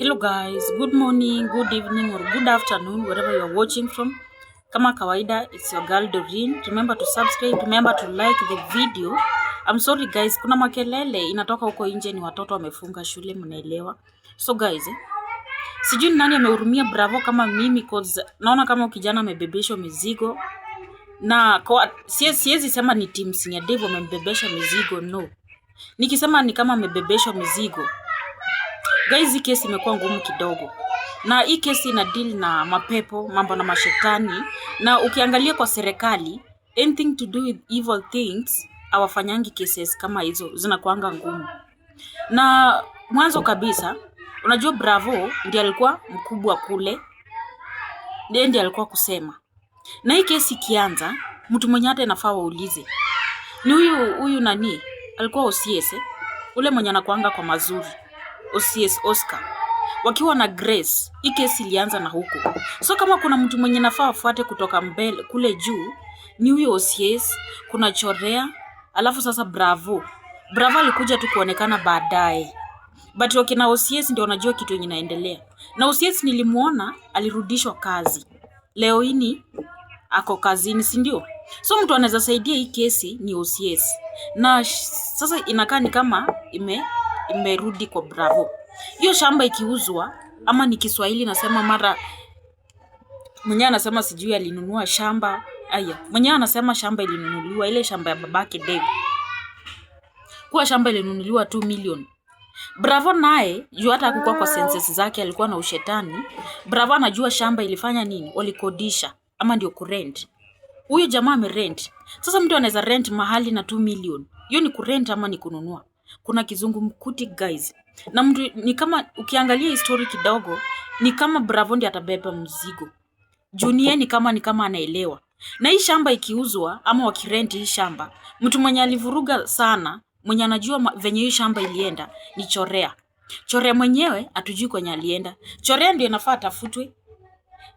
Hello guys, good morning, good evening or good afternoon wherever you are watching from. Kama kawaida it's your girl Doreen. Remember to subscribe, remember to like the video. I'm sorry guys, kuna makelele inatoka huko nje, ni watoto wamefunga shule, mnaelewa. So guys, eh, sijui nani amehurumia Bravo kama mimi cause naona kama kijana amebebeshwa mizigo na kwa, siezi, siezi sema ni Team Senior Dave amembebesha mizigo no. Nikisema ni kama amebebeshwa mizigo Guys, hii kesi imekuwa ngumu kidogo, na hii kesi ina deal na mapepo, mambo na mashetani, na ukiangalia kwa serikali, anything to do with evil things awafanyangi cases kama hizo, zinakuanga ngumu. Na mwanzo kabisa, unajua Bravo ndiye alikuwa mkubwa kule, ndiye ndiye alikuwa kusema, na hii kesi ikianza, mtu mwenye hata inafaa waulize ni huyu huyu nani, alikuwa OCS eh? ule mwenye anakuanga kwa mazuri OCS Oscar wakiwa na Grace. Hii kesi ilianza na huko, so kama kuna mtu mwenye nafaa afuate kutoka mbele kule juu ni huyo OCS. Kuna Chorea alafu sasa Bravo. Bravo alikuja tu kuonekana baadaye, but wakina OCS ndio wanajua kitu yenye inaendelea. Na OCS nilimuona alirudishwa kazi leo hii ako kazini, si ndio? So mtu anaweza saidia hii kesi ni OCS, na sasa inakaa ni kama ime imerudi kwa Bravo. Hiyo shamba ikiuzwa, ama ni Kiswahili nasema mara mwenyewe anasema sijui alinunua shamba aya, mwenyewe anasema shamba ilinunuliwa, ile shamba ya babake Dave, Kwa shamba ilinunuliwa 2 million. Bravo naye juu hata hakukuwa kwa senses zake, alikuwa na ushetani. Bravo anajua shamba ilifanya nini, walikodisha ama ndio kurent. Huyo jamaa amerent. Sasa mtu anaweza rent mahali na 2 million. hiyo ni kurent ama ni kununua? kuna kizungumkuti guys, na mtu ni kama ukiangalia histori kidogo, ni kama Bravo ndi atabeba mzigo Junie, ni kama ni kama anaelewa. Na hii shamba ikiuzwa ama wakirenti hii shamba, mtu mwenye alivuruga sana, mwenye anajua venye hii shamba ilienda ni Chorea. Chorea mwenyewe atujui kwenye alienda. Chorea ndio inafaa atafutwe,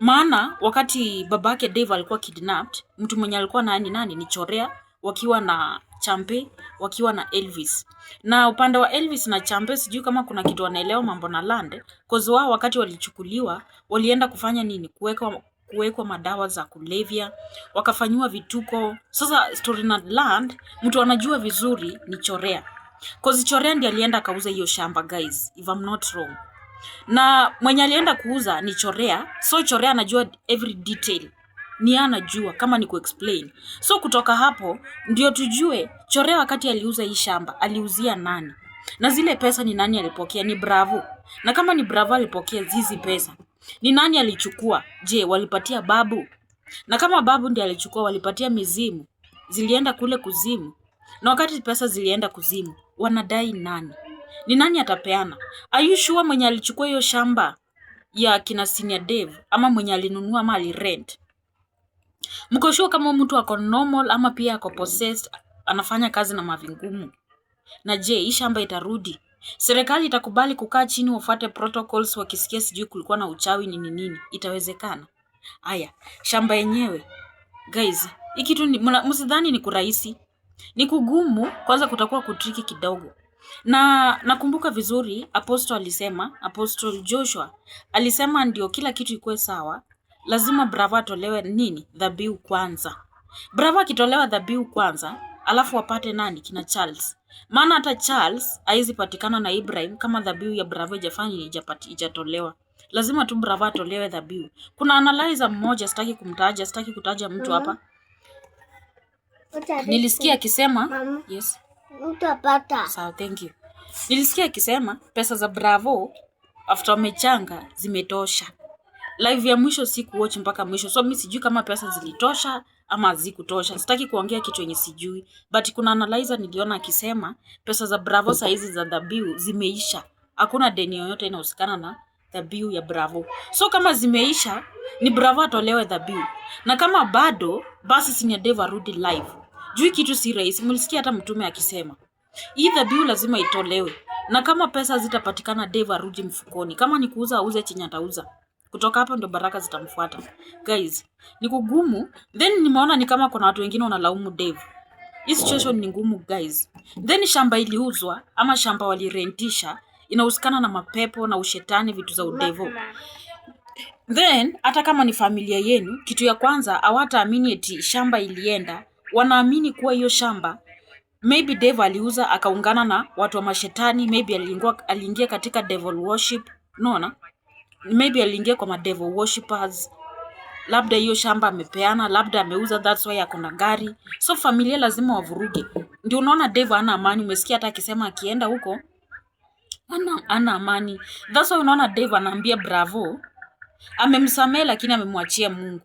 maana wakati babake Dave alikuwa kidnapped, mtu mwenye alikuwa nani nani ni Chorea wakiwa na Champe wakiwa na Elvis. Na upande wa Elvis na Champe sijui kama kuna kitu wanaelewa mambo na Land, cause wao wakati walichukuliwa walienda kufanya nini? Kuwekwa kuwekwa madawa za kulevya, wakafanyiwa vituko. Sasa story na Land mtu anajua vizuri ni Chorea. Cause Chorea ndiye alienda akauza hiyo shamba guys, if I'm not wrong. Na mwenye alienda kuuza ni Chorea, so Chorea anajua every detail ni anajua kama ni kuexplain. So kutoka hapo ndio tujue Chorea wakati aliuza hii shamba aliuzia nani, na zile pesa ni nani alipokea? Ni Bravo. Na kama ni Bravo alipokea hizi pesa, ni nani alichukua? Je, walipatia Babu? Na kama Babu ndiye alichukua, walipatia mizimu? Zilienda kule kuzimu? Na wakati pesa zilienda kuzimu, wanadai nani? Ni nani atapeana? Are you sure mwenye alichukua hiyo shamba ya kina Senior dev ama mwenye alinunua ama alirent mko sure kama mtu ako normal ama pia ako possessed, anafanya kazi na mavingumu? Na je, hii shamba itarudi? Serikali itakubali kukaa chini wafuate protocols, wakisikia sijui kulikuwa na uchawi nini nini? Itawezekana? Haya, shamba yenyewe guys, hii kitu msidhani ni kurahisi, ni kugumu. Kwanza kutakuwa kutriki kidogo na nakumbuka vizuri, apostol alisema, apostol Joshua alisema ndio kila kitu ikuwe sawa, lazima Bravo atolewe nini dhabihu kwanza. Bravo akitolewa dhabihu kwanza, alafu apate nani kina Charles, maana hata Charles haizi patikana na Ibrahim kama dhabihu ya Bravo ijafanya ijatolewa. Lazima tu Bravo atolewe dhabihu. Kuna analyzer mmoja, sitaki kumtaja, sitaki kutaja mtu hapa mm -hmm. Nilisikia akisema yes. Utapata. Sawa, thank you. Nilisikia akisema pesa za Bravo after wamechanga zimetosha live ya mwisho si kuwatch mpaka mwisho, so mi sijui kama pesa zilitosha ama zikutosha. Sitaki kuongea kitu yenye sijui, but kuna analyzer niliona akisema pesa za Bravo saizi za dhabiu zimeisha, hakuna deni yoyote inahusikana na dhabiu ya Bravo. So kama zimeisha, ni Bravo atolewe dhabiu, na kama bado, basi Sina Dave arudi live Jui kitu si rahisi. Mlisikia hata mtume akisema hii dhabiu lazima itolewe, na kama pesa zitapatikana, Dave arudi mfukoni. Kama ni kuuza, auze chenye atauza. Kutoka hapo ndo baraka zitamfuata. Guys, ni kugumu. Then nimeona ni kama kuna watu wengine wanalaumu Dave. Hii situation ni ngumu guys. Then shamba iliuzwa ama shamba walirentisha inahusikana na mapepo na ushetani, vitu za udevo. Then hata kama ni familia yenu, kitu ya kwanza hawataamini eti shamba ilienda, wanaamini kuwa hiyo shamba maybe Dave aliuza akaungana na watu wa mashetani, maybe aliingia katika devil worship. Unaona? maybe aliingia kwa madevo worshippers labda hiyo shamba amepeana labda ameuza that's why ako na gari so familia lazima wavuruge ndio unaona devo ana amani umesikia hata akisema akienda huko ana, ana amani that's why unaona devo anaambia bravo amemsamee lakini amemwachia mungu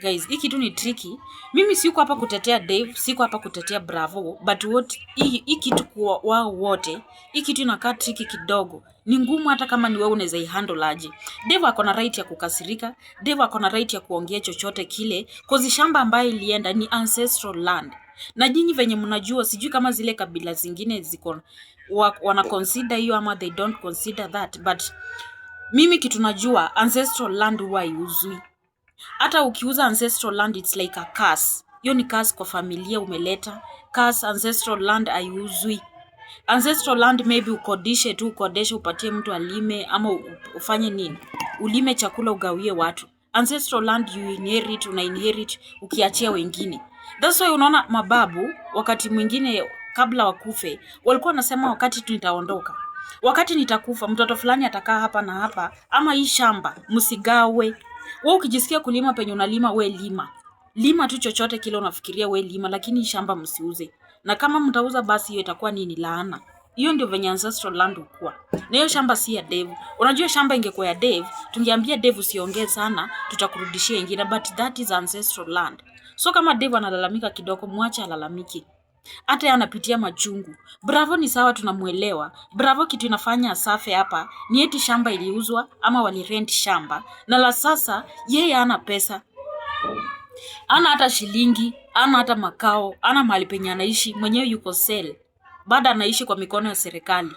guys hii kitu ni tricky mimi siko hapa kutetea Dave siko hapa kutetea Bravo but what hii kitu kwa wao wote hii kitu inakaa tricky kidogo ni ngumu hata kama ni wewe unaweza ihandle aje Dave ako na right ya kukasirika Dave ako na right ya kuongea chochote kile kozi shamba ambayo ilienda ni ancestral land na nyinyi venye mnajua sijui kama zile kabila zingine ziko wana consider hiyo ama they don't consider that but mimi kitu najua ancestral land huwa iuzwi hata ukiuza ancestral land it's like a curse. Hiyo ni curse kwa familia umeleta. Curse ancestral land haiuzwi. Ancestral land maybe ukodishe tu, ukodeshe, upatie mtu alime, ama ufanye nini, ulime chakula ugawie watu. Ancestral land you inherit, una inherit ukiachia wengine. That's why unaona mababu wakati mwingine kabla wakufe walikuwa wanasema wakati tunitaondoka. wakati nitakufa, mtoto fulani atakaa hapa na hapa, ama hii shamba msigawe. Wewe ukijisikia kulima penye unalima, we lima lima tu chochote kile unafikiria, we lima, lakini shamba msiuze, na kama mtauza, basi hiyo itakuwa nini? Laana. Hiyo ndio venye ancestral land ukua. Na hiyo shamba si ya Dev. Unajua shamba ingekuwa ya Dev, tungeambia Dev usiongee sana, tutakurudishia ingine, but that is ancestral land. So kama Dev analalamika kidogo, mwache alalamiki hata yeye anapitia machungu. Bravo ni sawa, tunamwelewa. Bravo kitu inafanya asafe hapa ni eti shamba iliuzwa ama walirent shamba, na la sasa yeye ana pesa, ana hata shilingi, ana hata makao, ana mahali penye anaishi mwenyewe, yuko sel, bado anaishi kwa mikono ya serikali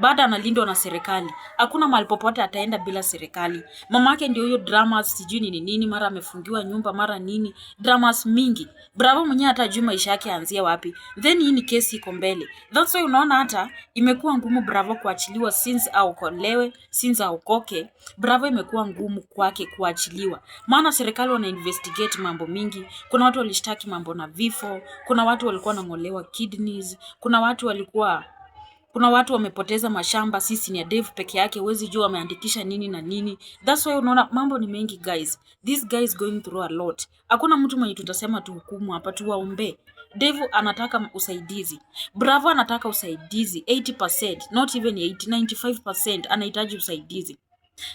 bado analindwa na serikali. Hakuna mahali popote ataenda bila serikali. Mama yake ndio hiyo dramas, sijui nini nini, mara amefungiwa nyumba, mara nini, dramas mingi. Bravo mwenyewe hatajui maisha yake anzia wapi, then hii ni kesi iko mbele. That's why unaona hata imekuwa ngumu Bravo kuachiliwa since aokolewe, since aokoke. Bravo imekuwa ngumu kwake kuachiliwa, maana serikali wana investigate mambo mingi. Kuna watu walishtaki mambo na vifo, kuna watu walikuwa wanang'olewa kidneys, kuna watu walikuwa kuna watu wamepoteza mashamba, sisi ni adevu peke yake, huwezi jua wameandikisha nini na nini. That's why unaona mambo ni mengi guys, this guy is going through a lot. Hakuna mtu mwenye tutasema tuhukumu hapa, tuwaombe. Devu anataka usaidizi, Bravo anataka usaidizi 80%, not even 80, 95% anahitaji usaidizi.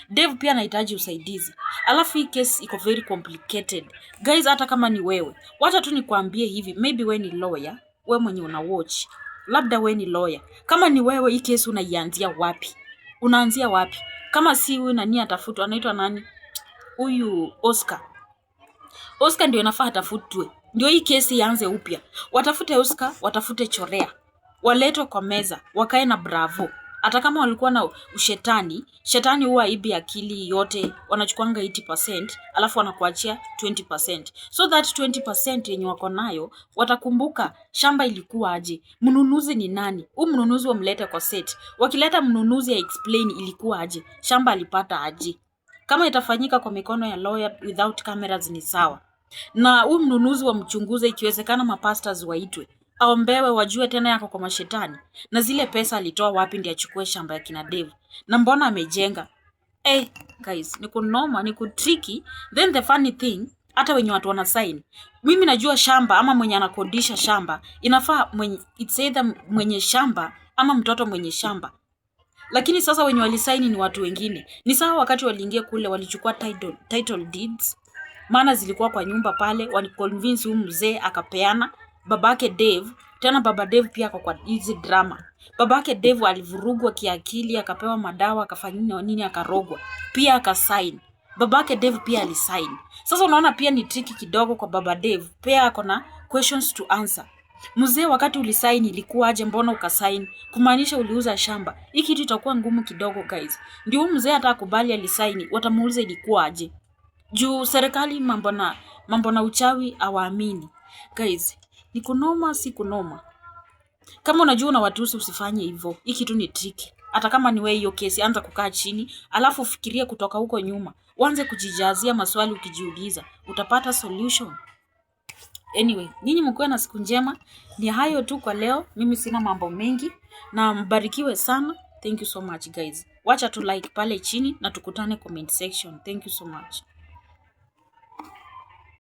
Dev pia anahitaji usaidizi, alafu hii case iko very complicated guys. Hata kama ni wewe, wacha tu nikwambie hivi, maybe wewe ni lawyer, wewe mwenye una watch labda we ni lawyer, kama ni wewe, hii kesi unaianzia wapi? Unaanzia wapi? Kama si huyu nani atafutwa, anaitwa nani huyu Oscar? Oscar ndio inafaa atafutwe, ndio hii kesi ianze upya. Watafute Oscar, watafute Chorea, waletwe kwa meza, wakae na Bravo hata kama walikuwa na ushetani, shetani huwa ibi akili yote, wanachukuanga 80% alafu wanakuachia 20%. So that 20% yenye wako nayo watakumbuka shamba ilikuwa aje, mnunuzi ni nani, huu mnunuzi wamlete kwa set. Wakileta mnunuzi ya explain ilikuwa aje, shamba alipata aje. Kama itafanyika kwa mikono ya lawyer without cameras ni sawa, na huu mnunuzi wamchunguze, ikiwezekana mapastors waitwe aombewe wajue tena yako kwa mashetani. Na zile pesa alitoa wapi ndio achukue shamba ya kina Dave? Na mbona amejenga? eh Hey, guys, ni kunoma, ni kutriki. Then the funny thing, hata wenye watu wana sign. Mimi najua shamba ama mwenye anakodisha shamba, inafaa mwenye, it's either mwenye shamba ama mtoto mwenye shamba. Lakini sasa wenye walisaini ni watu wengine. Ni sawa wakati waliingia kule walichukua title, title deeds maana zilikuwa kwa nyumba pale, waliconvince huyu mzee akapeana babake Dave tena baba Dave pia ako kwa hizi drama. Babake Dave alivurugwa kiakili, akapewa madawa, akafanywa nini, akarogwa pia, akasign. Babake Dave pia alisign. Sasa unaona pia ni tricky kidogo kwa baba Dave, pia ako na questions to answer. Mzee, wakati ulisign ilikuwaje? Mbona ukasaini? Kumaanisha uliuza shamba? Hii kitu itakuwa ngumu kidogo guys. Ndio mzee hata akubali alisign, watamuuliza ilikuwaje, juu serikali mambo na mambo na uchawi awaamini guys ni kunoma, si kunoma. Kama unajua una unawatusi, usifanye hivyo. Hii kitu ni triki. Hata kama ni wewe hiyo kesi, anza kukaa chini, alafu fikiria kutoka huko nyuma, uanze kujijazia maswali ukijiuliza, utapata solution. Anyway, nyinyi mkuwe na siku njema. Ni hayo tu kwa leo, mimi sina mambo mengi, na mbarikiwe sana. Thank you so much guys, wacha tu like pale chini na tukutane comment section. Thank you so much.